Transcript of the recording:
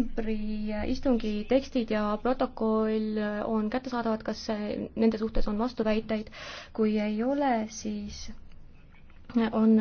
novembri istungi tekstid ja protokoll on kättesaadavad, kas nende suhtes on vastuväiteid? kui ei ole, siis on